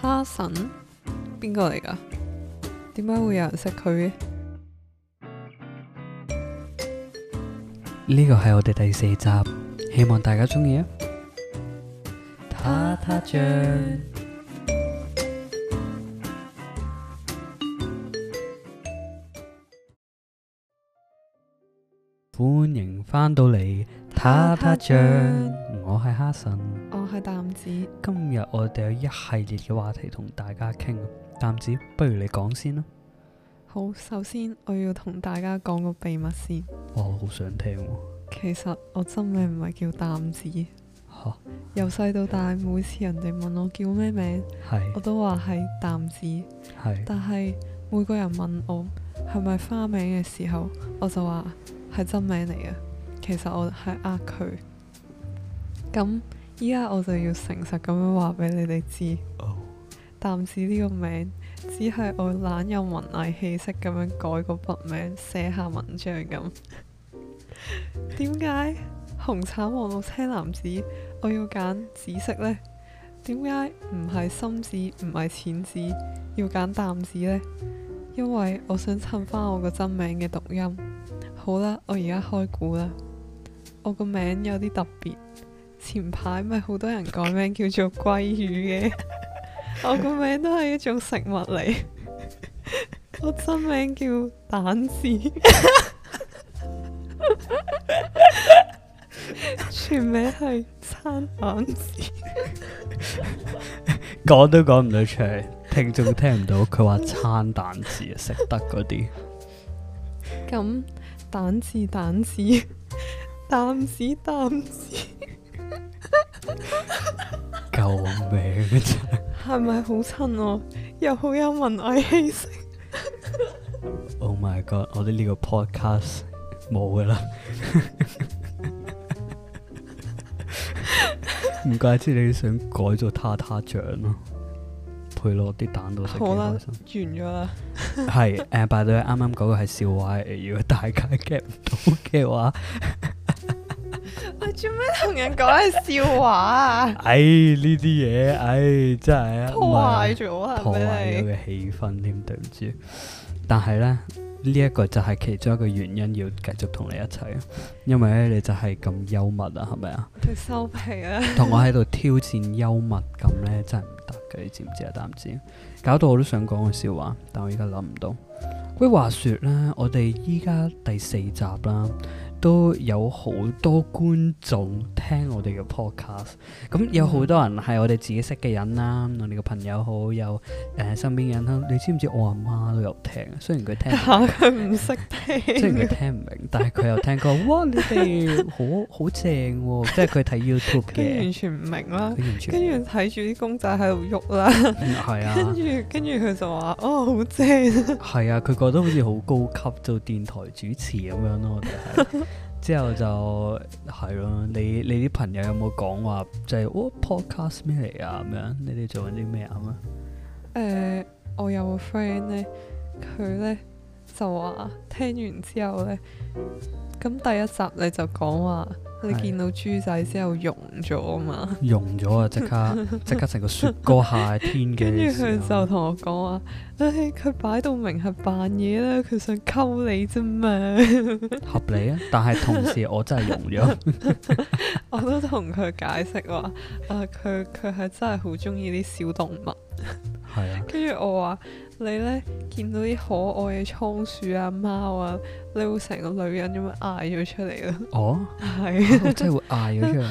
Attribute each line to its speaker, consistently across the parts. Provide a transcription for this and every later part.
Speaker 1: 哈臣，邊個嚟噶？點解會有人識佢嘅？
Speaker 2: 呢個係我哋第四集，希望大家鍾意啊！
Speaker 1: 他
Speaker 2: 他醬，歡迎翻到嚟，他他醬。我係哈臣，
Speaker 1: 我係淡子。
Speaker 2: 今日我哋有一系列嘅話題同大家傾。淡子，不如你講先啦。
Speaker 1: 好，首先我要同大家講個秘密先。
Speaker 2: 哇，我好想聽、
Speaker 1: 啊。其實我真名唔係叫淡子。由細、啊、到大，每次人哋問我叫咩名，是我都話係淡子。是但係每個人問我係咪花名嘅時候，我就話係真名嚟嘅。其實我係呃佢。咁依家我就要誠實咁樣話俾你哋知，oh. 淡子呢個名只係我懶有文藝氣息咁樣改個筆名寫下文章咁。點 解，紅橙黃綠青藍紫我要揀紫色呢？點解唔係深紫唔係淺紫，要揀淡紫呢？因為我想襯返我個真名嘅讀音。好啦，我而家開估啦。我個名有啲特別。前排咪好多人改名叫做鮭魚嘅，我個名都係一種食物嚟， 我真名叫蛋治， 全名係餐蛋治，
Speaker 2: 講 都講唔到出嚟，聽眾聽唔到，佢話餐蛋治 食得嗰啲，
Speaker 1: 咁蛋治蛋治蛋治蛋治。蛋
Speaker 2: 救命！真
Speaker 1: 係咪好襯我？又好有文藝氣息。
Speaker 2: Oh my god！我哋呢個 podcast 冇噶啦，唔 怪知你想改咗塔塔醬咯， 配落啲蛋度食。好開心！好啦，
Speaker 1: 完咗啦。係
Speaker 2: 誒 ，but anyway 啱啱嗰個係笑話，如果大家 get 唔到嘅話。
Speaker 1: 做咩同人講係笑話
Speaker 2: 啊？哎，哎，呢啲嘢，唉，真係破壞咗係咪啊？嘅氣氛添，對唔住。但係咧，呢一個就係其中一個原因，要繼續同你一齊。因為咧，你就係咁幽默啊，係咪啊？
Speaker 1: 你收皮啦！同我喺
Speaker 2: 度挑戰幽默感咧，真係唔得嘅，你知唔知啊？但唔知，搞到我都想講個笑話，但我而家諗唔到。喂，話說咧，我哋依家第四集啦。都有好多觀眾聽我哋嘅 podcast，咁有好多人係我哋自己識嘅人啦，嗯、我哋嘅朋友好有誒身邊人啦。你知唔知我阿媽都有聽？雖然佢聽佢
Speaker 1: 唔識聽，雖然佢聽唔
Speaker 2: 明， 但係佢又聽過。 哇！你哋 好好正喎，哦，即係佢睇 YouTube 嘅，完全唔明啦。跟住
Speaker 1: 睇住啲公仔喺度喐啦，係啊。跟住跟住佢就話：哦，好正！
Speaker 2: 係、 嗯、啊，佢覺得好似好高級，做電台主持咁樣咯。 之後就係咯，你你啲朋友有冇講話就係、是、what、哦、podcast 咩嚟啊？咁樣你哋做緊啲咩啊？咁啊？
Speaker 1: 誒，我有個 friend 咧，佢咧就話聽完之後咧。咁第一集你就講話你見到豬仔之後溶咗啊嘛，溶咗啊，即刻即刻成個雪
Speaker 2: 糕夏 天嘅。跟住佢就
Speaker 1: 同我講話，唉，佢擺到明係扮嘢啦，佢想溝你啫嘛。 合理啊，但係同時我真係溶咗， 我都同佢解釋話，啊，佢佢係真係好中意啲小動物，係 啊，跟住我話。你咧見到啲可愛嘅倉鼠啊、貓啊，你會成個女人咁樣嗌咗出嚟咯。哦，係 真係會嗌咗出嚟。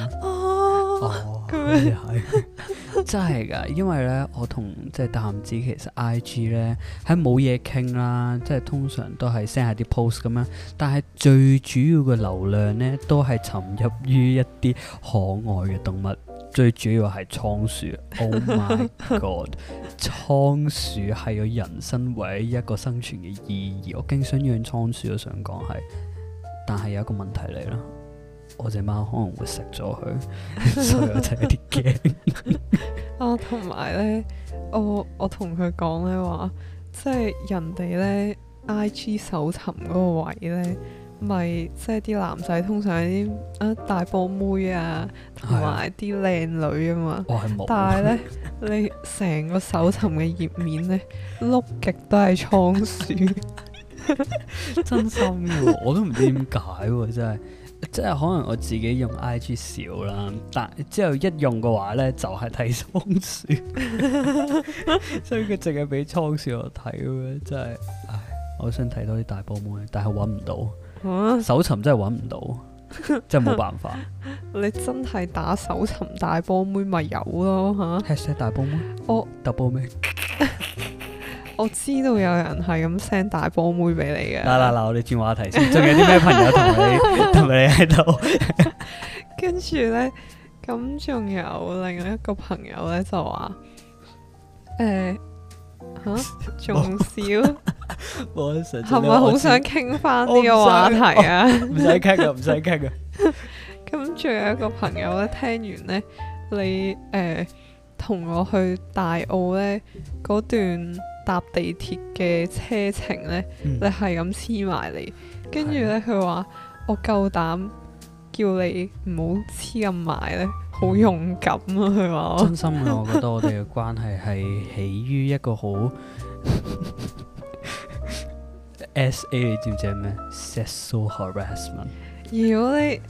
Speaker 1: 啊、
Speaker 2: 哦，咁真係噶，因為咧我同即係淡子其實 I G 咧喺冇嘢傾啦，即係通常都係 send 下啲 post 咁樣，但係最主要嘅流量咧都係沉入於一啲可愛嘅動物。最主要係倉鼠，Oh my God！倉 鼠係有人生位一個生存嘅意義，我經常養倉鼠都想講係，但係有一個問題嚟咯，我隻貓可能會食咗佢， 所以我真係有啲驚。
Speaker 1: 啊，同埋咧，我我同佢講咧話，即係人哋咧 IG 搜尋嗰個位咧。咪即係啲男仔通常啲啊大波妹啊同埋啲靚女啊嘛，的但係咧 你成個搜尋嘅頁面咧碌極都係倉鼠，真心嘅。
Speaker 2: 我都唔知點解喎，真係，即係可能我自己用 IG 少啦，但之後一用嘅話咧就係睇倉鼠，所以佢淨係俾倉鼠我睇嘅，真係。唉，我想睇多啲大波妹，但係搵唔到。啊！搜尋真係揾唔到，
Speaker 1: 真係冇辦法。 你真係打搜尋大波妹咪有咯吓？hash 大波咩？我、啊、大波妹，我, 我知道有人係咁 send 大波妹俾你嘅。嗱嗱嗱，我哋轉話題先。仲有啲咩朋友同你同你喺度？跟住咧，咁仲有另外一個朋友咧，就、欸、話，誒、啊，吓仲少。
Speaker 2: 係咪好想傾翻呢個話題啊？唔使傾啊，唔使傾啊。
Speaker 1: 咁仲 有一個朋友咧，聽完呢你誒同、呃、我去大澳呢嗰段搭地鐵嘅車程呢，嗯、你係咁黐埋嚟，跟住呢，佢話的我夠膽叫你唔好黐咁埋呢，好、嗯、勇敢啊！佢話真心嘅，我覺得我哋
Speaker 2: 嘅關係係起於一個好。 S.A. 你知唔知係咩？sexual harassment。Har
Speaker 1: 如果你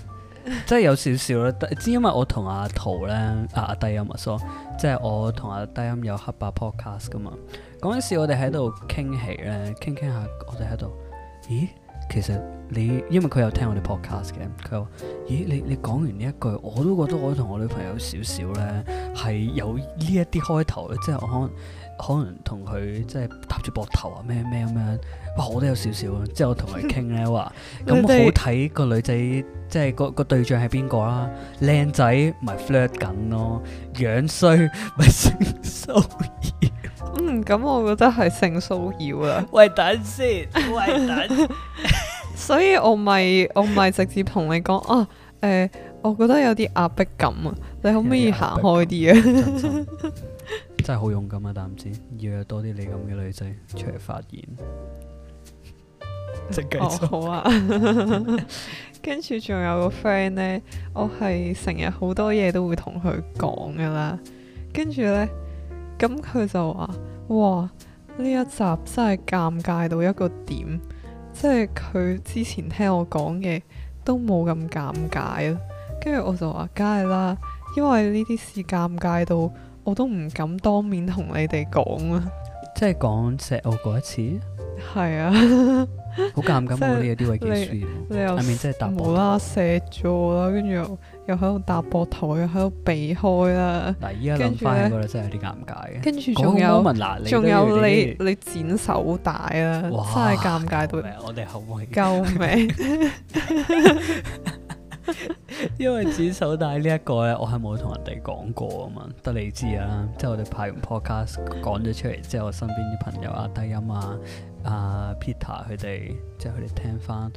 Speaker 1: 即
Speaker 2: 係 有少少啦。知因為我同阿陶咧，阿、啊、阿低音咪所即係我同阿低音有黑白 podcast 噶嘛。嗰陣時我哋喺度傾起咧，傾傾下我哋喺度。咦，其實你因為佢有聽我哋 podcast 嘅，佢話咦，你你講完呢一句，我都覺得我同我女朋友少少咧係有呢一啲開頭，即係我可能可能同佢即係搭住膊頭啊，咩咩咁樣。我都有少少啊，即係我同佢傾咧話，咁好睇個女仔，即係個個對象係邊個啦？靚仔咪 flirt 緊咯，樣衰
Speaker 1: 咪性騷擾？嗯，咁我覺得係性騷擾啊。喂，
Speaker 2: 等先，喂等，
Speaker 1: 所以我咪我咪直接同你講啊，誒、呃，我覺得有啲壓迫感啊，你，感你可唔可以行開啲啊？
Speaker 2: 真係好勇敢啊，但唔知，要有多啲你咁嘅女仔出嚟發言。
Speaker 1: 哦，好啊。 跟住仲有個 friend 呢，我係成日好多嘢都會同佢講噶啦。跟住呢，咁佢就話：哇，呢一集真係尷尬到一個點，即係佢之前聽我講嘅都冇咁尷尬啊。跟住我就話：梗係啦，因為呢啲事尷尬到我都唔敢當面同你哋講啊。即係講石澳嗰一次。係 是啊。 好尷尬喎！ 是你有啲位你又，下面真係搭波台，無啦射咗啦，跟住又喺度搭膊頭，又喺度避開啦。但依家諗返，我真係有啲尷尬嘅。跟住仲有，仲有，有你你剪手帶啊！哇真係尷尬到，我哋好救命。
Speaker 2: 因為剪手帶呢一個咧，我係冇同人哋講過啊嘛，得你知啊。即係我哋拍完 podcast 講咗出嚟，之後我身邊啲朋友啊、低音啊。啊、uh，Peter 佢哋即係佢哋聽翻，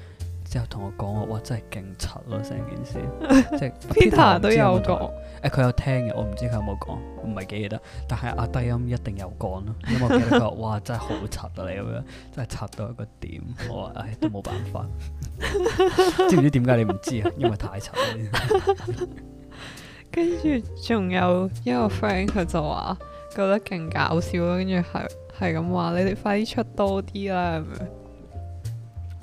Speaker 2: 之後同我講話哇真係勁柒咯，成件事，即係 Peter 都有講，誒佢說、哎、有聽嘅，我唔知佢有冇講，唔係記得，但係阿低音一定有講咯，咁我記得佢話 哇真係好柒啊你咁樣，真係柒到一個點，我話唉、哎、都冇辦法， 知唔知點解你唔知啊？因為太柒、啊，
Speaker 1: 跟住仲有一個 friend 佢就話覺得勁搞笑咯，跟住係。係咁話，你哋快啲出多啲啦，係咪？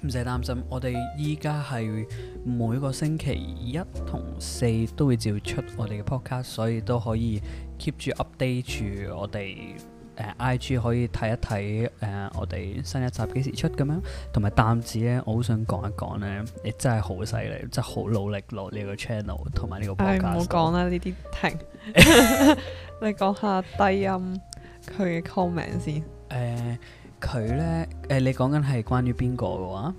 Speaker 1: 唔使擔心。我哋依家係每個
Speaker 2: 星期一、同四都會照出我哋嘅 podcast，所以都可以 keep 住 update 住我哋誒 IG，可以睇一睇誒、呃、我哋新一集幾時出咁樣。同埋擔子咧，我好想講一講咧，你真係好犀利，真係好努力落呢個 channel 同埋呢個。podcast。唔好講啦，
Speaker 1: 呢、這、啲、個、停， 你講下低音。佢嘅 comment
Speaker 2: 先，誒佢咧，誒、呃、你講緊係關於邊個嘅話？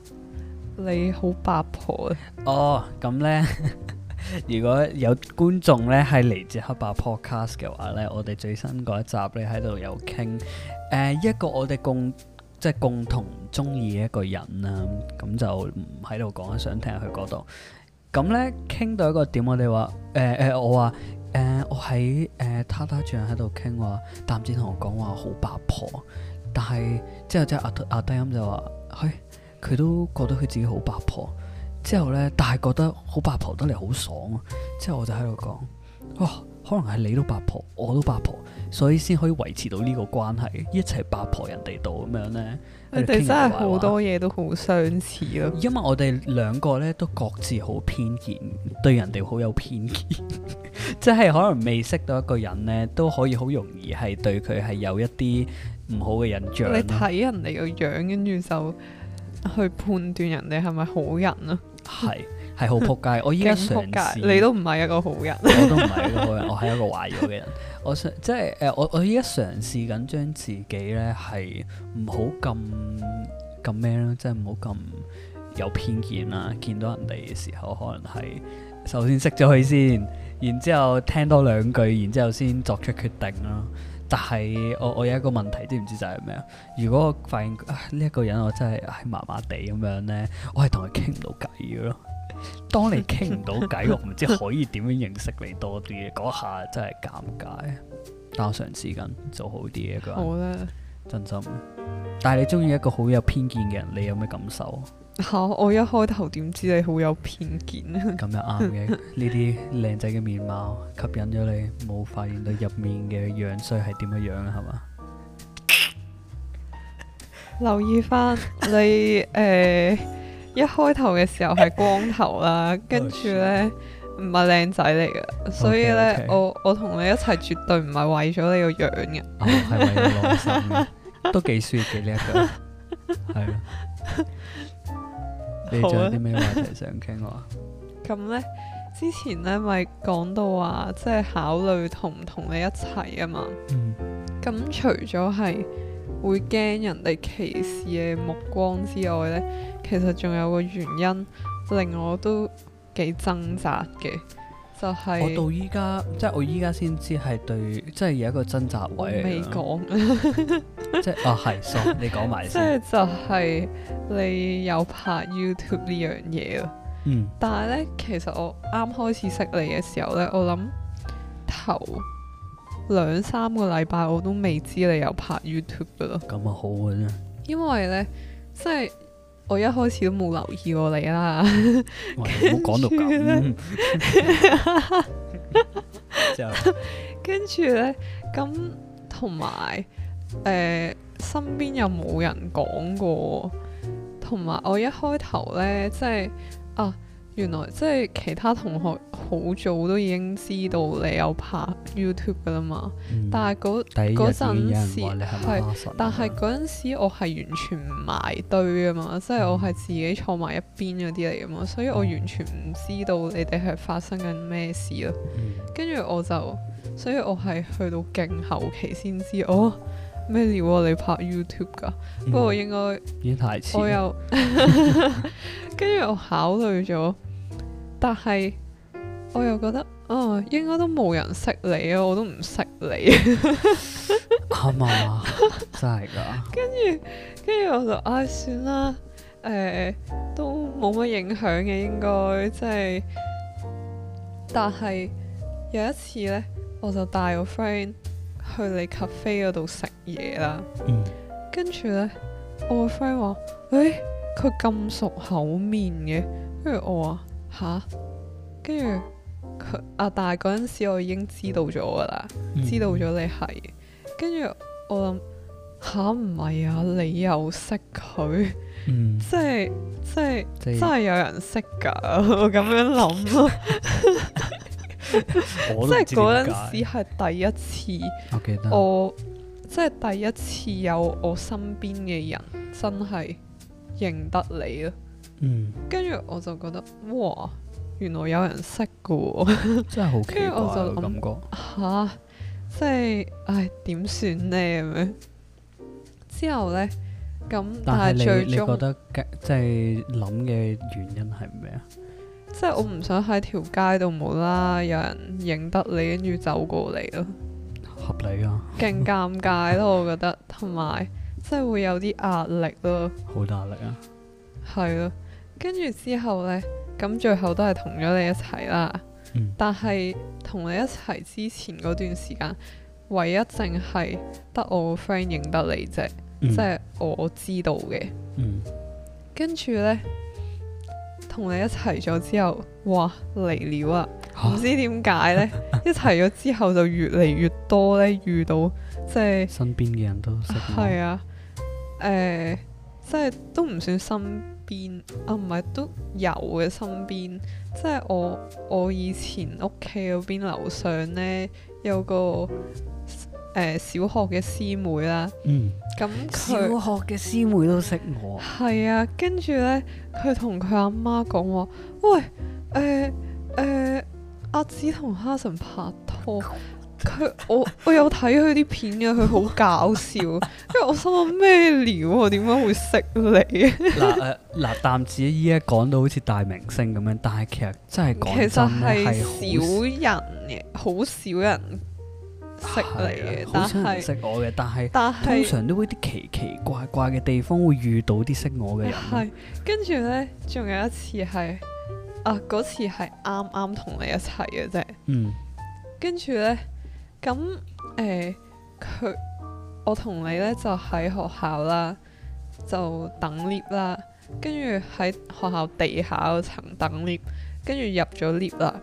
Speaker 1: 你好八婆？哦，
Speaker 2: 咁咧， 如果有觀眾咧係嚟自黑白 podcast 嘅話咧，我哋最新嗰一集咧喺度有傾，誒、呃、一個我哋共即係共同鍾意嘅一個人啦、啊，咁就喺度講，想聽下佢嗰度。咁咧傾到一個點我、呃呃，我哋話，誒誒我話。誒、呃、我喺誒他他最近喺度傾話，但唔知同我講話好八婆，但係之後即係亞亞低音就話，佢、哎、佢都覺得佢自己好八婆，之後咧，但係覺得好八婆得嚟好爽啊！之後我就喺度講，哇～可能係你都八婆，我都八婆，所以先可以維持到呢個關係，一齊八婆人哋度咁樣呢，我哋真係好多
Speaker 1: 嘢都好相似咯。因為
Speaker 2: 我哋兩個呢都各自好偏見，對人哋好有偏見，即 係可能未識到一個人呢都可以好容易係對佢係有一啲唔好嘅印象。你睇
Speaker 1: 人哋個樣，跟住就去判斷人哋係咪好人啊？係。係好撲街，我依家嘗試 你都唔係一個好人，我都唔係一個好人， 我係一個壞咗嘅人。
Speaker 2: 我想即係誒，我我依家嘗試緊將自己咧係唔好咁咁咩咯，即係唔好咁有偏見啦。見到人哋嘅時候，可能係首先識咗佢先，然之後聽多兩句，然之後先作出決定啦。但係我我有一個問題，知唔知就係咩啊？如果我發現呢一、哎這個人我真係係麻麻地咁樣咧，我係同佢傾唔到偈嘅咯。當你傾唔到偈， 我唔知可以點樣認識你多啲，嗰下真係尷尬。但我嘗試緊做好啲嘢，好啦呢，真心。但係你中意一個好有偏見嘅人，你有咩感受？
Speaker 1: 吓、啊，我一開頭點知你好有偏見？咁又啱嘅，
Speaker 2: 呢啲靚仔嘅面貌吸引咗你，冇發現到入面嘅樣衰係點樣樣啊？係嘛？
Speaker 1: 留意翻你誒。 呃一開頭嘅時候係光頭啦，oh, 跟住呢唔係靚仔嚟嘅，所以呢，我我同你一齊絕對唔係為咗你個樣嘅，係、哦、為咗內心嘅 都幾帥幾叻，係、這、咯、個 啊。你仲有啲咩話題想傾好啊？咁 呢之前呢咪講到話，即、就、係、是、考慮同唔同你一齊啊嘛。咁、嗯、除咗係，會驚人哋歧視嘅目光之外呢，其實仲有個原因令我都幾掙扎嘅，就係、是、我到依家，嗯、即係我
Speaker 2: 依家先知係對，即係有一個掙扎位。未講，即係啊，係，你講埋先。即係
Speaker 1: 就係你有拍 YouTube 呢樣嘢、嗯、但係呢，其實我啱開始識你嘅時候呢，我諗頭兩三個禮拜我都未知你有拍 YouTube 噶咯，咁啊好嘅。因為呢，即係我一開始都冇留意過你啦。唔好講到咁。 跟住呢，咁同埋誒，身邊又冇人講過，同埋我一開頭呢，即係啊原來即係其他同學好早都已經知道你有拍 YouTube 噶啦嘛，嗯、但係嗰，嗰陣時係，但係嗰陣時我係完全唔埋堆啊嘛，嗯、即係我係自己坐埋一邊嗰啲嚟啊嘛，所以我完全唔知道你哋係發生緊咩事啦。跟住、嗯、我就，所以我係去到勁後期先知，哦咩料啊，你拍 YouTube 噶？不過、嗯、應該，應該太遲我又跟 住我考慮咗。但係我又覺得，嗯、呃，應該都冇人識你啊，我都唔識你，係 嘛、 哎呃？真係噶跟住跟住我就唉，算啦，誒，都冇乜影響嘅，應該即係。但係有一次咧，我就帶個 friend 去你 cafe 嗰度食嘢啦，跟住咧我個 friend 話：，誒，佢咁熟口面嘅，跟住我話。吓，跟住佢啊，但係嗰陣時我已經知道咗噶啦，嗯、知道咗你係，跟住我諗吓唔係啊，你又識佢、嗯，即係即係是真係有人識噶，咁樣諗咯，即係嗰陣時係第一次我，我記得，我即係第一次有我身邊嘅人真係認得你啊。嗯，跟住我就覺得哇，原來有人識噶，真係好奇怪嘅感覺。吓、啊，即係唉，點、哎、算呢？咁樣？之後呢，咁，但係你你覺得
Speaker 2: 即係諗嘅原因係咩啊？
Speaker 1: 即係我唔想喺條街度冇啦有人認得你，跟住走過嚟咯，
Speaker 2: 合理啊，
Speaker 1: 勁 尷尬咯，我覺得，同埋即係會有啲壓力咯，好大壓力啊，係咯。跟住之後呢，咁最後都係同咗你一齊啦。嗯、但係同你一齊之前嗰段時間，唯一淨係得我個 friend 認得你啫，嗯、即係我知道嘅。嗯、跟住呢，同你一齊咗之後，哇嚟了啊！唔蛤知點解呢， 一齊咗之後就越嚟越多呢，遇到即係、就是、身邊嘅人都係啊，誒、呃，即係都唔算深。邊啊？唔係都有嘅身邊，即係我我以前屋企嗰邊樓上呢，有個誒、呃、小學嘅師妹啦。嗯，咁佢小學嘅師妹都識我。係啊，跟住呢，佢同佢阿媽講話，喂，誒、呃、誒、呃，阿子同哈臣拍拖。佢我我有睇佢啲片嘅，佢好搞笑。 因為我心想問咩料啊？點解我會識
Speaker 2: 你？嗱 誒、呃，嗱、呃，暫且依家講到好似大明星咁樣，但係其實真係講真咧，係少
Speaker 1: 人嘅，好少、啊、人識你嘅，好少的是人識我
Speaker 2: 嘅。但係但係是通常都會啲奇奇怪怪嘅地方會遇到啲識我嘅人。係
Speaker 1: 跟住咧，仲有一次係啊，嗰次係啱啱同你一齊嘅啫。嗯，跟住咧。咁誒，佢、嗯欸、我同你咧就喺學校啦，就等 lift 啦，跟住喺學校地下嗰層等 lift，跟住入咗 lift 啦，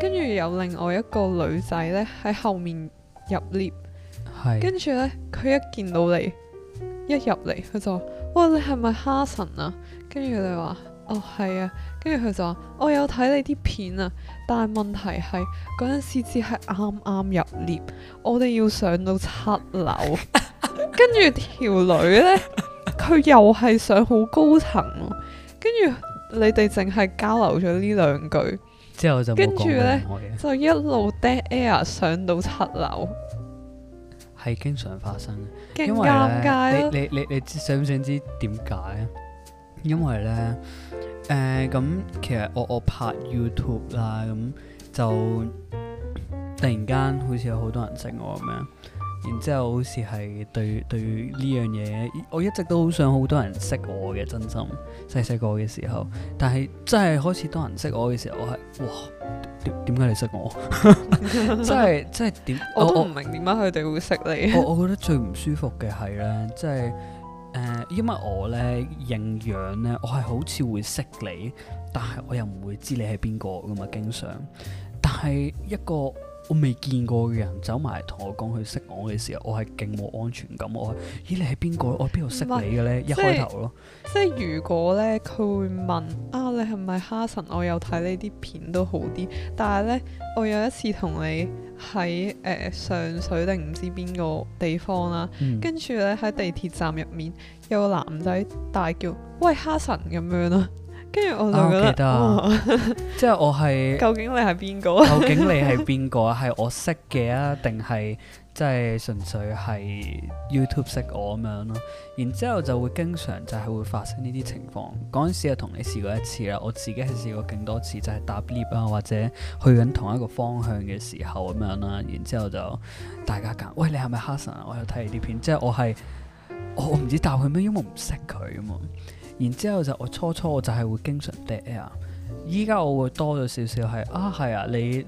Speaker 1: 跟住有另外一個女仔咧喺後面入 lift，跟住咧佢一見到你一入嚟，佢就哇，你係咪哈神臣啊？跟住佢你話。哦，係啊，跟住佢就話：我有睇你啲片啊，但係問題係嗰陣時只係啱啱入列，我哋要上到七樓，跟住條女呢，佢又係上好高層、啊，跟住你哋淨係交流咗呢兩句，之後就冇講嘢，跟住呢，就一路 dead air 上到七樓，
Speaker 2: 係經常發生嘅，因為咧、啊，你你你你，你，你想唔想知點解啊？因為咧，誒、呃，咁其實我我拍 YouTube 啦，咁、嗯、就突然間好似有好多人識我咁樣，然之後好似係對對呢樣嘢，我一直都好想好多人識我嘅真心。細細個嘅時候，但係真係開始多人識我嘅時候我，我係哇，點解你識我？ 真係真係點？我都唔明點
Speaker 1: 解佢哋會識你。我我
Speaker 2: 覺得最唔舒服嘅係咧，即係。誒，uh, 因為我咧認樣咧，我係好似會識你，但係我又唔會知你係邊個㗎嘛，經常。但係一個我未見過嘅人走埋同我講佢識我嘅時候，我係勁冇安全感。我話咦，你係邊個？我邊度識你嘅咧？是一開頭是
Speaker 1: 咯。即係如果咧，佢會問啊，你係咪哈臣？我有睇你啲片都好啲，但係咧，我有一次同你。喺誒、呃、上水定唔知邊個地方啦、啊，嗯、跟住咧喺地鐵站入面有個男仔大叫：喂，哈臣咁樣咯，啊，跟住我就覺得，即係我
Speaker 2: 係 究竟你係邊個？究竟你係邊個啊？係我識嘅啊，定係？即係純粹係 YouTube 識我咁樣咯，然之後就會經常就係會發生呢啲情況。嗰陣時又同你試過一次啦，我自己係試過勁多次，就係搭 lift 啊或者去緊同一個方向嘅時候咁樣啦。然之後就大家揀，喂，你係咪哈臣啊？我有睇你啲片，即係我係我唔知答佢咩，因為唔識佢咁嘛。然之後就我初初我就係會經常依家我會多咗少少係啊，係啊，你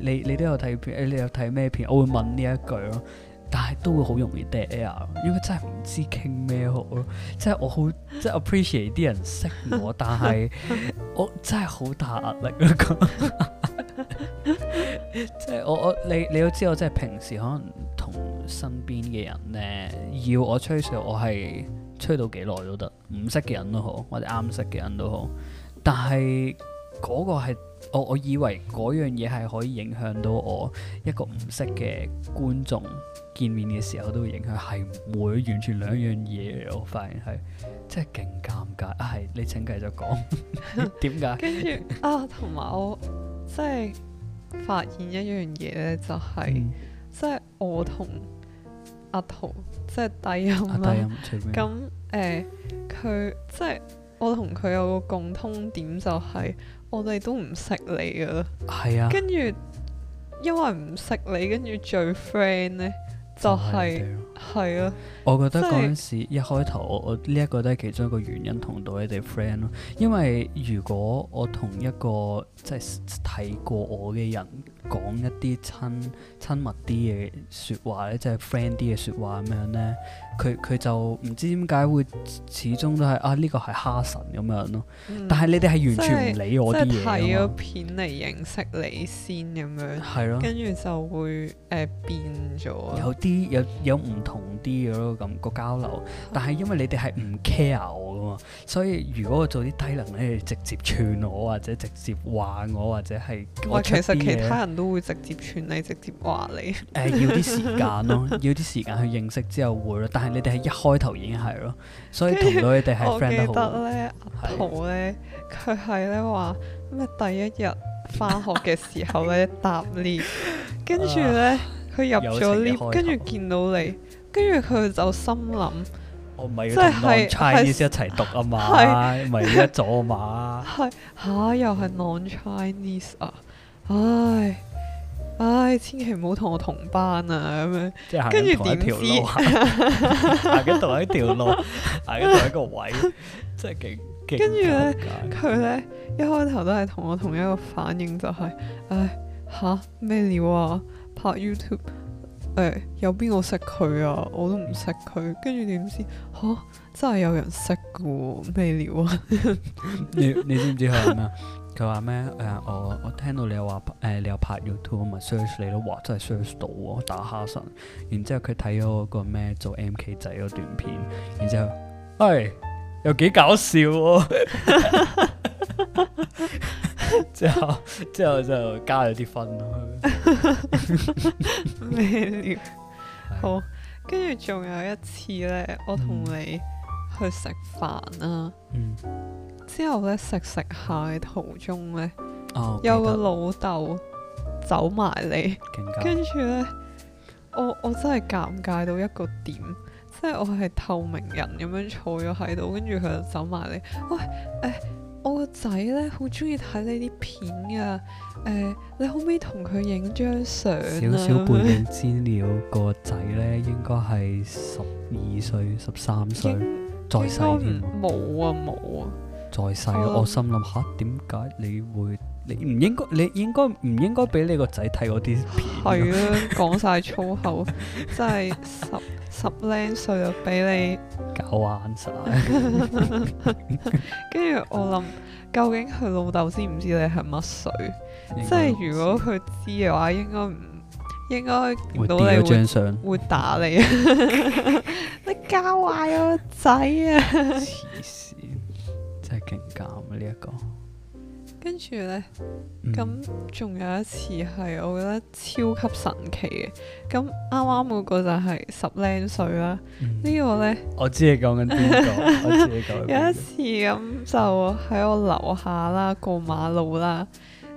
Speaker 2: 你你都有睇片，你有睇咩片？我會問呢一句咯，但係都會好容易 dead air，因為真係唔知傾咩好，即係我好即係 appreciate 啲 人識我，但係我真係好大壓力咯。即 係 我我你你都知道我即係平時可能同身邊嘅人咧，要我吹水我係吹到幾耐都得，唔識嘅人都好，或者啱識嘅人都好，但係。嗰個係我，我以為嗰樣嘢係可以影響到我一個唔識嘅觀眾見面嘅時候都會影響，係唔會完全兩樣嘢。我發現係真係勁尷尬。係、啊、你請繼續講點解？跟 住
Speaker 1: 麼啊，同埋我即係發現一樣嘢咧、就係，就係、嗯、即係我同阿陶即係低音啦。咁誒、啊，佢、呃、即係我同佢有個共通點、就係，就係。我哋都唔識你噶，係啊，跟住因為唔識你，跟住最 friend 咧，就係、係、係啊。我覺得嗰陣
Speaker 2: 時、就係、一開頭，我我呢一個都係其中一個原因同到你哋 friend 咯。因為如果我同一個即係睇過我嘅人。講一啲親親密啲嘅説話咧，即係 friend 啲嘅説話咁樣咧，佢佢就唔知點解會始終都係啊，呢個係哈臣咁樣咯。嗯、但係你哋係完全唔理我啲嘢啊，係睇
Speaker 1: 片嚟認識你先咁樣，係咯，跟住就會誒變咗。有
Speaker 2: 啲有有唔同啲嘅咯，咁個交流。嗯、但係因為你哋係唔 care 我噶嘛，所以如果我做啲低能咧，你哋直接串我或者直接話我或者係哇，其實其他
Speaker 1: 人都。都會直接串你，直接話你。誒、呃，要啲時間咯、
Speaker 2: 啊， 要啲時間去認識之後會咯。但係你哋係一開頭已經係咯，所以同到你哋係 friend 得好。我記
Speaker 1: 得咧，嗯、阿桃咧，佢係咧話咩？第一日翻學嘅時候咧， 搭 lift，跟住咧佢入咗 lift， 跟住見到你，跟住佢就心諗，我唔係要同 non-Chinese 一齊
Speaker 2: 讀啊嘛，唔係一組嘛。
Speaker 1: 係嚇、 啊，又係 non-Chinese 啊！唉～唉、哎，千祈唔好同我同班啊！咁樣，跟住點知喺嗰度喺條路喺嗰度喺個位， 真係勁勁。跟住咧，佢咧 一開頭都係同我同一個反應，就係唉嚇咩料啊！拍 YouTube 誒、哎、有邊個識佢啊？我都唔識佢。跟住點知嚇、啊、真係有人識嘅咩料啊？ 你你知唔知佢係
Speaker 2: 咩？ 佢話咩？誒、啊，我我聽到你又話誒、呃，你又拍 YouTube，我咪 search 你咯。哇，真係 search 到啊！打哈臣。然之後佢睇咗個咩做 MK 仔嗰段片，然之後，唉、哎，又幾搞笑喎！之後之後就加咗啲分咯。
Speaker 1: 未 好，跟住仲有一次咧，我同你去食飯啊。嗯。之後咧，食食下嘅途中咧，哦、有個老豆走埋嚟，告跟住咧，我我真係尷尬到一個點，即係我係透明人咁樣坐咗喺度，跟住佢就走埋嚟，喂，誒、呃，我個仔咧好中意睇呢啲片㗎、啊，誒、呃、你好未同佢影張相？啊、少少半影
Speaker 2: 之料個仔咧應該係十二歲、十三歲，再該。細
Speaker 1: 冇啊冇啊！在世，我，想我
Speaker 2: 心諗吓，點、啊、解你會？你唔應該，
Speaker 1: 你應該唔應該俾你個仔睇嗰啲片？係啊，講晒 粗口，真係十 十零歲就俾你教
Speaker 2: 歪。晒玩。
Speaker 1: 跟 住我諗，究竟佢老豆知唔知你係乜水？即係如果佢知嘅話，應該唔應該見到你張相？會打你？ 你教壞我個仔啊！
Speaker 2: 係勁慘啊！呢一個，
Speaker 1: 跟住呢，咁仲有一次係我覺得超級神奇嘅，咁啱啱嗰個就係十零歲啦。呢、嗯、個呢，我知你講緊邊
Speaker 2: 個， 我知你講。 有一
Speaker 1: 次咁就喺我樓下啦，過馬路啦，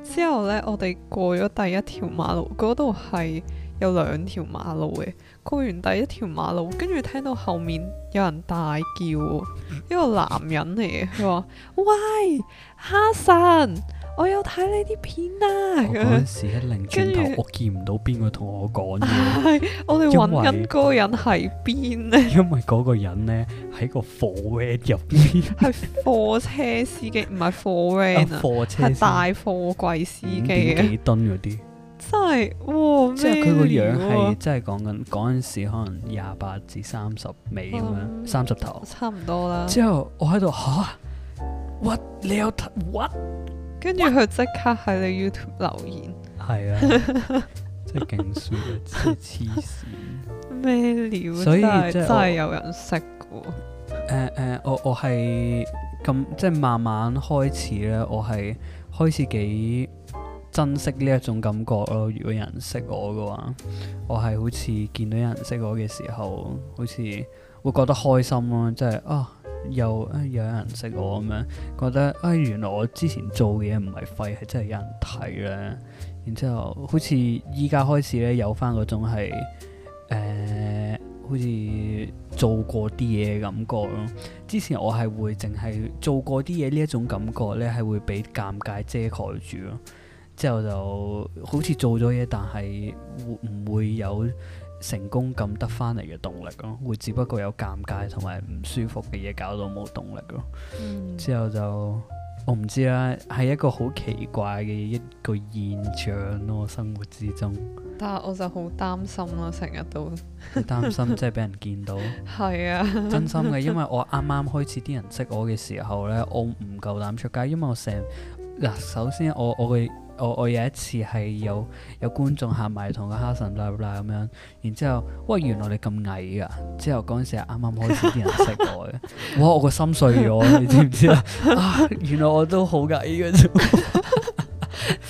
Speaker 1: 之後呢，我哋過咗第一條馬路，嗰度係有兩條馬路嘅。過完第一條馬路，跟住聽到後面有人大叫， 一個男人嚟嘅，佢話： 喂，哈臣，我有睇你啲片啊。嗰陣時一擰轉頭，著我
Speaker 2: 見唔到邊個同我講，哎。我哋搵緊嗰個人喺邊咧？因為嗰個人呢，喺個貨 van 入
Speaker 1: 邊。係貨車司機唔係貨 van 啊？係大貨櫃司機啊？幾噸嗰啲？真係，即係佢個樣係
Speaker 2: 真係講緊嗰陣時，可能廿八至三十尾咁樣，三十頭
Speaker 1: 差唔多啦。之後我喺度吓，what 你有睇 what？跟住佢即刻喺你 YouTube 留言，係啊，即係勁衰，即係黐
Speaker 2: 線，
Speaker 1: 咩料所以真係有人識噶？
Speaker 2: 誒誒，我我係咁，即係慢慢開始咧，我係開始幾。珍惜呢一種感覺咯。如果有人識我嘅話，我係好似見到有人識我嘅時候，好似會覺得開心咯、啊。即係啊，又、哎、又有人識我咁樣，覺得啊、哎，原來我之前做嘢唔係廢，係真係有人睇咧。然之後好似依家開始咧，有翻嗰種係誒、好似做過啲嘢嘅感覺咯。之前我係會淨係做過啲嘢呢一種感覺咧，係會被尷尬遮蓋住咯。之後就好似做咗嘢，但係會唔會有成功咁得翻嚟嘅動力咯、啊？會只不過有尷尬同埋唔舒服嘅嘢搞到冇動力咯、啊。嗯、之後就我唔知啦，係一個好奇怪嘅一個現象咯、啊，我生活之中。
Speaker 1: 但係我就好擔心咯、啊，成日都 擔心即係俾人見到。係 是啊， 真心嘅，因為
Speaker 2: 我啱啱開始啲人識我嘅時候呢，我唔夠膽出街，因為我成嗱首先我我嘅。我我有一次係有有觀眾喊埋同個哈臣啦啦咁樣，然之後喂，原來你咁矮㗎、啊，之後嗰陣時啱啱開始人識我嘅， 哇我個心碎咗，你知唔知 啊？原來我都好矮嘅啫，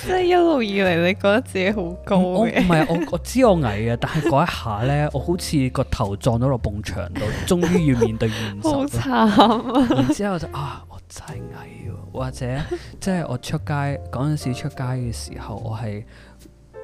Speaker 2: 即 係 一路以嚟你覺得自己好高嘅，唔 係我我，我知我矮嘅，但係嗰一下咧，我好似個頭撞到個牆度，終於要面對現實啦，好慘 可慘、啊。之後就啊～啊或者即係我出街嗰陣 時出街嘅時候，我係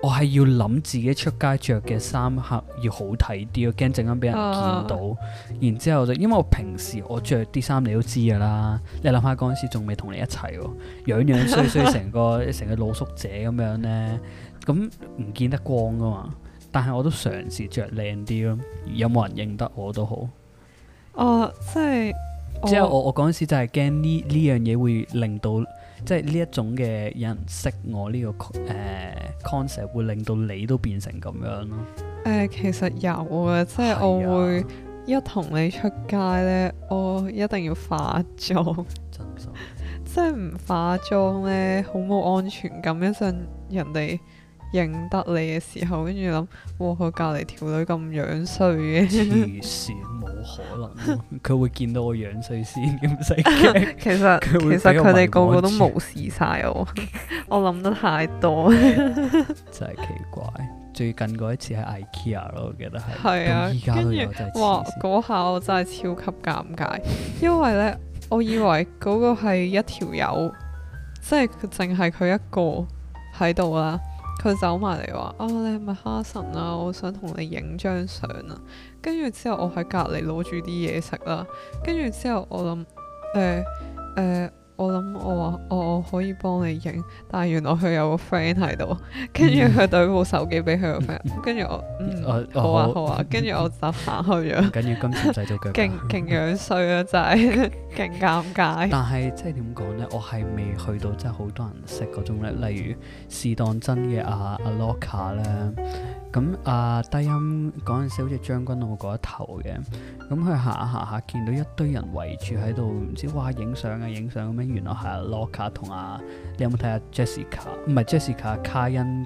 Speaker 2: 我係要諗自己出街着嘅衫客要好睇啲，驚陣間俾人見到。哦、然之後就因為我平時我着啲衫，你都知噶啦。你諗下嗰陣時仲未同你一齊，樣樣衰衰， 成個成個露宿者咁樣呢，咁唔見得光噶嘛。但係我都嘗試着靚啲咯，有冇人認得我都好。
Speaker 1: 哦，即係。即係我我
Speaker 2: 嗰陣時就係驚呢呢樣嘢會令到即係呢一種嘅人識我呢、呢個誒、uh, concept 會令到你都變成咁樣咯。
Speaker 1: 誒、呃、其實有啊，即係我會一同你出街咧，啊、我一定要化妝。真心實。 即係唔化妝咧，好冇安全感。一陣人哋認得你嘅時候，跟住諗，哇佢隔離條女咁樣衰嘅。
Speaker 2: 黐線。 可能佢、啊、會見到我樣衰先咁、啊、其實其實佢哋個個都無視
Speaker 1: 晒我。 我諗得太多，嗯、 真係奇怪。
Speaker 2: 最近嗰一次喺 IKEA 咯，我記得係。係啊，跟住後哇，
Speaker 1: 嗰下我真係超級尷尬，因為咧，我以為嗰個係一條友， 即係淨係佢一個喺度啦。佢走埋嚟話：啊，你係咪哈臣啊？我想同你影張相啊。跟住之後我，我喺隔離攞住啲嘢食啦。跟住之後我，我、呃、諗。誒、呃、誒。我諗我話、哦、我可以幫你影，但係原來佢有個 friend 喺度，跟住佢㨃部手機俾佢個 friend，跟住我，嗯，好啊好啊，跟住 我就行去咗。跟住今次製造腳。勁勁樣衰啊，真係勁尷尬。 但係
Speaker 2: 即係點講呢？我係未去到真係好多人識嗰種呢，例如試當真嘅阿阿 Loka 呢。咁啊、嗯、低音嗰陣時好似將軍澳嗰頭嘅，咁佢行下行下見到一堆人圍住喺度，唔知哇影相啊影相咁樣，原來係 Locka 同阿、啊，你有冇睇下 Jessica？唔係 Jessica，卡因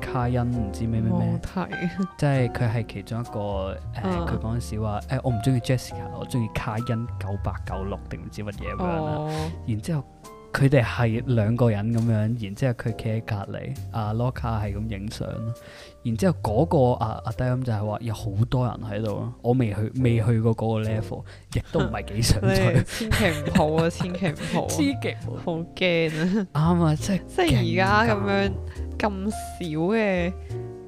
Speaker 2: 卡因唔知咩咩咩，看即係佢係其中一個誒，佢嗰陣時話、哎、我唔中意 Jessica，我中意卡因九八九六定唔知乜嘢咁樣、哦、然之後佢哋係兩個人咁樣，然之後佢企喺隔離，阿、啊、Locka 係咁影相、啊。然之後嗰、那個阿啊低、啊、音就係話有好多人喺度啊。我未去未去過嗰個 level，亦都唔係幾想去。 千祈唔
Speaker 1: 好啊， 千祈唔好。刺激好驚啊！啱 不啊，啊即係即係而家咁樣咁少嘅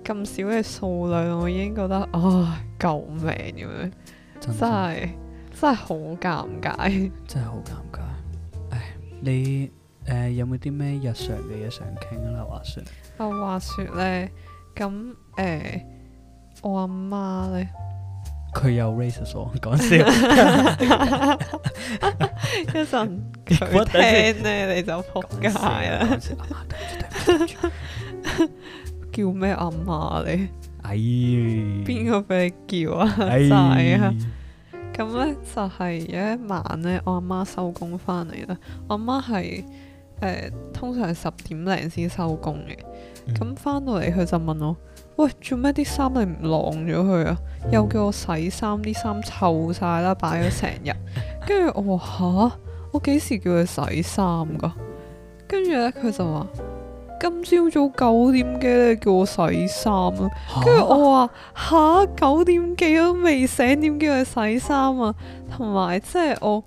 Speaker 1: 咁少嘅數量，我已經覺得啊，救命咁、啊、樣，真係真係好尷尬， 真係好尷尬。
Speaker 2: 唉、哎，你誒、呃、有冇啲咩日常嘅嘢想傾啊？啦，話説
Speaker 1: 啊，話説咧。咁誒、嗯欸，我阿媽咧，
Speaker 2: 佢有 race、er、咗，講笑。一陣佢聽咧， 笑你就扑街啦！
Speaker 1: 叫咩阿媽你？
Speaker 2: 阿姨？邊
Speaker 1: 個俾你叫啊？晒啊、哎！咁咧 就係有一晚咧，我阿媽收工翻嚟啦。我阿媽係。誒、呃、通常係十點零先收工嘅，咁返、嗯、到嚟佢就問我， 喂，做咩啲衫你唔晾咗佢啊？嗯、又叫我洗衫，啲衫臭晒啦，擺咗成日。跟住 我話吓？我幾時叫佢洗衫噶？跟住咧佢就話：今朝早九點幾咧叫我洗衫啊。跟住我話吓？九點幾都未醒，點叫佢洗衫啊？同埋即係我。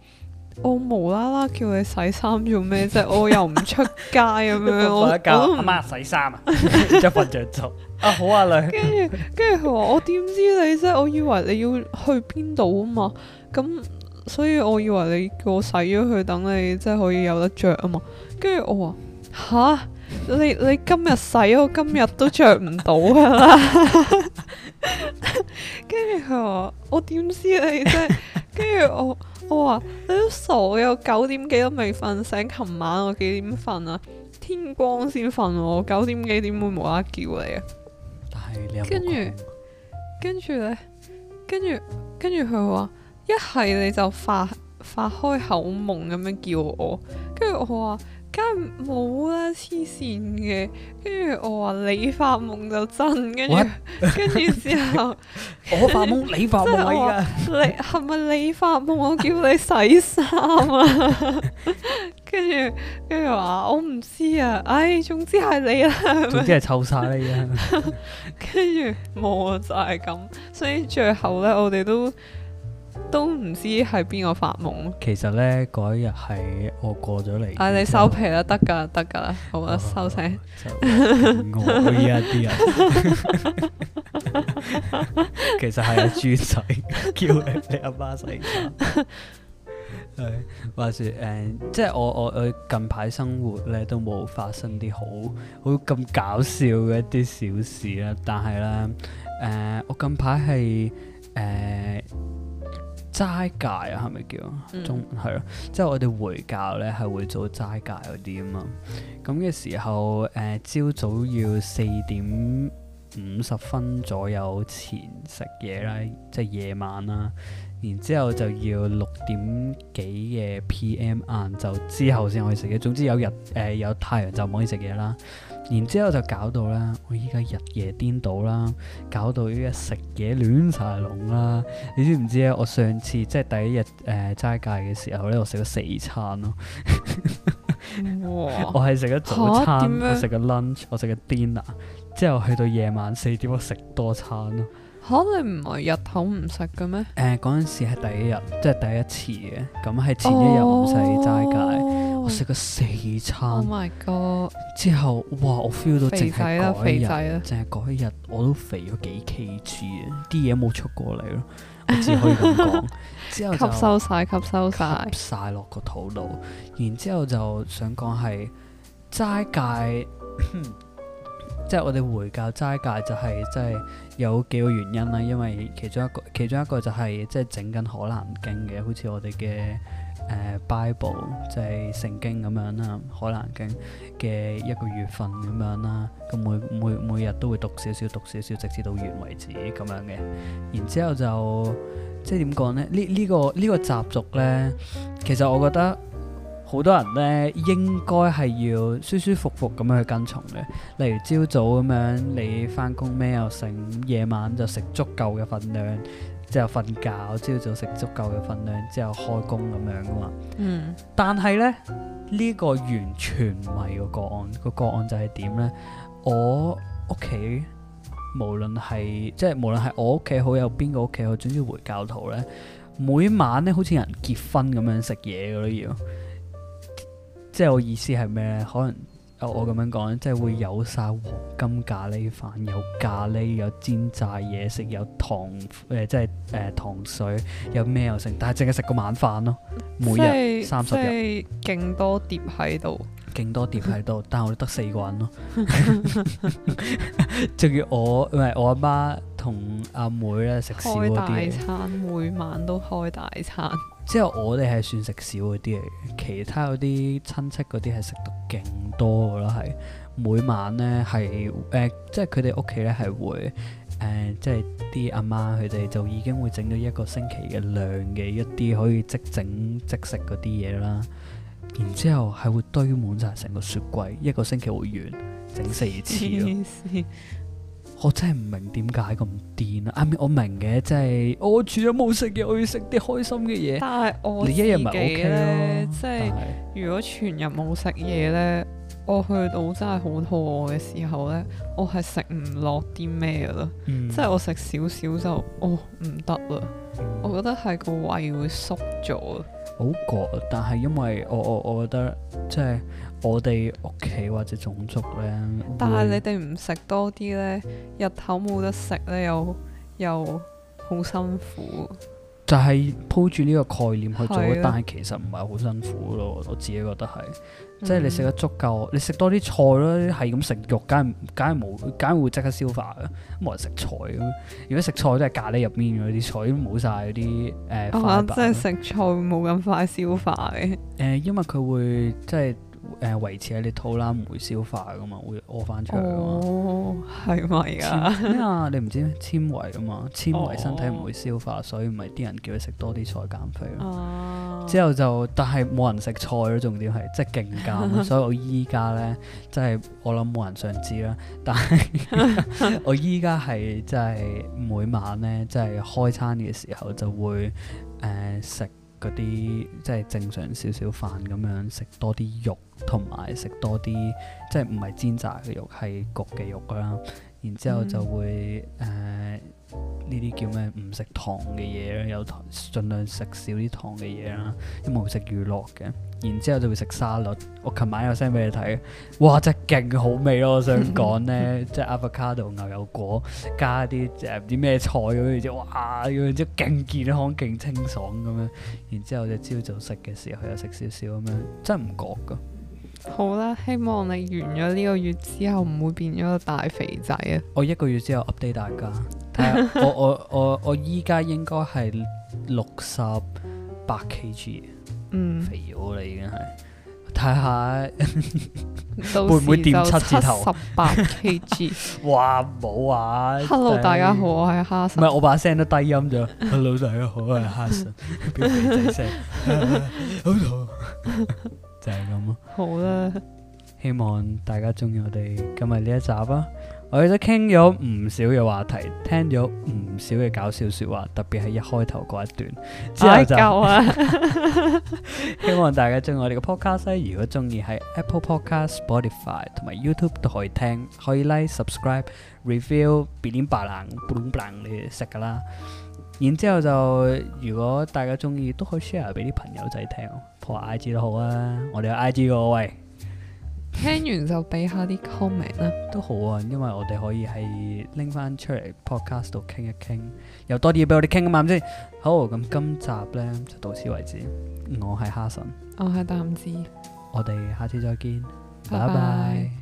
Speaker 1: 我無啦啦叫你洗衫做咩啫？我又唔出街咁樣， 我阿媽不洗衫啊，
Speaker 2: 一瞓着
Speaker 1: 啊，好啊你。跟住跟住佢話我點知你啫？我以為你要去邊度啊嘛，咁所以我以為你叫我洗咗佢等你，即係可以有得着啊嘛。跟住我話吓，你你今日洗我今日都着唔到噶啦。跟住佢話我點知你啫？ 跟住 我，我話你都傻，嘅，我九點幾都未瞓醒，琴晚我幾點瞓啊？天光先瞓喎，我九點幾點會冇得叫你啊？跟住， 跟住咧，跟住跟住佢話一係你就發發開口夢咁樣叫我，跟住我話。梗係冇啦，黐線嘅。跟住我話你發夢就真，跟住跟住之後，我發
Speaker 2: 夢你發夢啊
Speaker 1: 說！你係咪你發夢？我叫你洗衫啊！跟住跟住話我唔知啊，唉、哎，總之係你啦。 總之係臭晒啦，
Speaker 2: 而
Speaker 1: 家。 跟住冇啊，就係、是、咁。所以最後咧，我哋都。都唔知係邊個發夢
Speaker 2: 其實咧嗰一日係我過咗嚟。哎、啊，你收
Speaker 1: 皮啦，得噶，得噶啦。好啊，哦、收聲醒。我依家啲啊，其實係阿豬仔叫你阿媽仔。
Speaker 2: 誒， 話說誒，uh, 即係我我我近排生活咧都冇發生啲好好咁搞笑嘅一啲小事啦，但係咧誒，我近排係誒。齋戒啊，係咪叫中係咯、嗯？即係我哋回教咧，係會做齋戒嗰啲啊嘛。咁嘅時候，誒、呃、朝早要四點五十分左右前食嘢啦，即係夜晚啦。然之後就要六點幾嘅 PM 晏就之後先可以食嘢。總之有日誒、呃、有太陽就唔可以食嘢啦。然之後就搞到啦，我依家日夜顛倒啦，搞到依家食嘢亂晒龍啦。你知唔知咧？我上次即係第一日誒、呃、齋戒嘅時候咧，我食咗四餐咯。
Speaker 1: 哇我係食咗早餐，我食咗
Speaker 2: lunch，我食咗 dinner，之後去到夜晚四點我食多餐咯。
Speaker 1: 嚇！你唔係日頭唔食嘅咩？
Speaker 2: 誒嗰陣時係第一日，即係第一次嘅，咁係前一日唔使齋戒。哦。我食咗四餐，oh my God 之後哇，我 feel 到淨係一日，淨係一日我都肥咗幾 kg 啊！啲嘢冇出過嚟咯， 我只可以咁講。 之後吸收晒，吸收晒，
Speaker 1: 晒落個肚
Speaker 2: 度。然之後就想講係齋戒，即係、 就係、我哋回教齋戒就係即係有幾個原因啦。因為其中一個，其中一個就係即係整緊可蘭經嘅，好似我哋嘅。誒 uh，《Bible》即係聖經咁樣啦，《海難經》嘅一個月份咁樣啦，咁每每每日都會讀少少，讀少少，直至到完為止咁樣嘅。然之後就即係點講咧？呢呢、呢個呢、呢個習俗呢，其實我覺得好多人呢應該係要舒舒服服咁樣去跟從嘅。例如朝早咁樣，你翻工咩又成夜晚就食足夠嘅份量。之後瞓覺，朝早食足夠嘅份量，之後開工咁樣噶嘛。嗯，但呢，但係咧，呢個完全唔係個個案，個個案就係點咧？我屋企無論係即係無論係我屋企好，有邊個屋企好，總之要回教徒咧，每晚咧好似有人結婚咁樣食嘢嘅都要。即係我意思係咩咧？可能。哦、我咁樣講即係會有晒黃金咖喱飯，有咖喱，有煎炸嘢食，有糖誒、呃，即係誒、呃、糖水，有咩又成，但係淨係食個晚飯咯，每日三十是日，
Speaker 1: 勁多碟喺度，
Speaker 2: 勁多碟喺度，但係我哋得四個人咯，仲要 我唔係我阿媽同阿妹咧食少啲，大
Speaker 1: 餐每晚都開大餐。
Speaker 2: 之後我哋係算食少啲嚟，其他嗰啲親戚嗰啲係食到勁多噶啦，係每晚呢，係誒，即係佢哋屋企呢，係、就是、會誒，即係啲阿媽佢哋就已經會整咗一個星期嘅量嘅一啲可以即整即食嗰啲嘢啦，然之後係會堆滿晒成個雪櫃，一個星期會完，整四次。 我真係唔明點解咁癲啊！阿 I mean, 我明嘅，即係我全日冇食嘢，我要食啲開心嘅嘢。但係我你一日唔係 OK 咯，是
Speaker 1: 即係如果全日冇食嘢咧，我去到真係好肚餓嘅時候咧，我係食唔落啲咩啦。嗯、即係我食少少就哦唔、嗯、得啦、啊，我覺得係個胃會縮咗。
Speaker 2: 好覺，但係因為我我我覺得即係。我哋屋企或者種族咧，嗯、但係你
Speaker 1: 哋唔食多啲咧，日頭冇得食咧，又又好辛苦。
Speaker 2: 就係鋪住呢個概念去做，但係的其實唔係好辛苦咯。我自己覺得係，即係你食得足夠，嗯、你食多啲菜咯，係咁食肉，梗係梗係冇，梗係會即刻消化嘅。冇人食菜，如果食菜都係咖喱入面嗰啲菜，都冇晒啲誒。嚇、啊！粉即係食
Speaker 1: 菜冇咁快消化嘅。誒、
Speaker 2: 呃，因為佢會即係。誒、呃、維持喺你肚腩唔會消化噶嘛，會屙返出嚟噶
Speaker 1: 嘛。哦，係咪啊？啊，你
Speaker 2: 唔知咩纖維啊嘛，纖維身體唔會消化，哦、所以唔係啲人叫佢食多啲菜減肥咯。哦、之後就，但係冇人食菜咯，重點係即係勁減。 所以我依家咧，即、就、係、是、我諗冇人想知啦。但係 我依家係即係每晚咧，即、就、係、是、開餐嘅時候就會誒、呃、食。嗰啲即係正，正常少少飯咁樣，食多啲肉同埋食多啲即係唔係煎炸嘅肉，係焗嘅肉啦。然之後就會誒。嗯呃呢啲叫咩？唔食糖嘅嘢啦，有糖盡量食少啲糖嘅嘢啦，因為冇食乳酪嘅，然之後就會食沙律。我琴晚有 send 俾你睇，哇真係勁好味咯！我想講呢， 即係 avocado 牛油果加啲誒唔知咩菜咁樣，即係哇，咁樣即係勁健康勁清爽咁樣。然之後我朝早食嘅時候又食少少咁樣，真係唔覺噶。
Speaker 1: 好啦，希望你完咗呢個月之後唔會變咗個大肥仔啊！我一個月之後 update 大家，睇
Speaker 2: 下我我我我依家應該係六十八 kg，嗯， 肥咗啦已經係，睇下 會唔會掂七字頭十八 kg？哇，冇啊！Hello，大家好，我係哈臣。唔係我把聲都低音咗，hello 大家好，我係哈臣，
Speaker 1: 變肥仔聲，就係咁咯。好啦，啊，
Speaker 2: 希望大家中意我哋今日呢一集啊！我哋都傾咗唔少嘅話題，聽咗唔少嘅搞笑說話，特別係一開頭嗰一段。只係夠啊！ 希望大家中意我哋個 podcast，啊，如果中意喺 Apple Podcast、Spotify 同埋 YouTube 都可以聽，可以 like、subscribe、review，俾啲評論，評論你哋識㗎啦。然之後就如果大家中意，都可以 share 俾啲朋友仔聽。破 I G 都好啊，我哋有 I G 嗰位，
Speaker 1: 聽完就俾下啲 comment 啦、 啊，都
Speaker 2: 好啊，因為我哋可以喺拎翻出嚟 podcast 度傾一傾，又多啲嘢俾我哋傾啊嘛，咁先好，咁今集咧就到此為止，我係哈臣，
Speaker 1: 我係達子。
Speaker 2: 我哋下次再見，拜拜 bye。Bye
Speaker 1: bye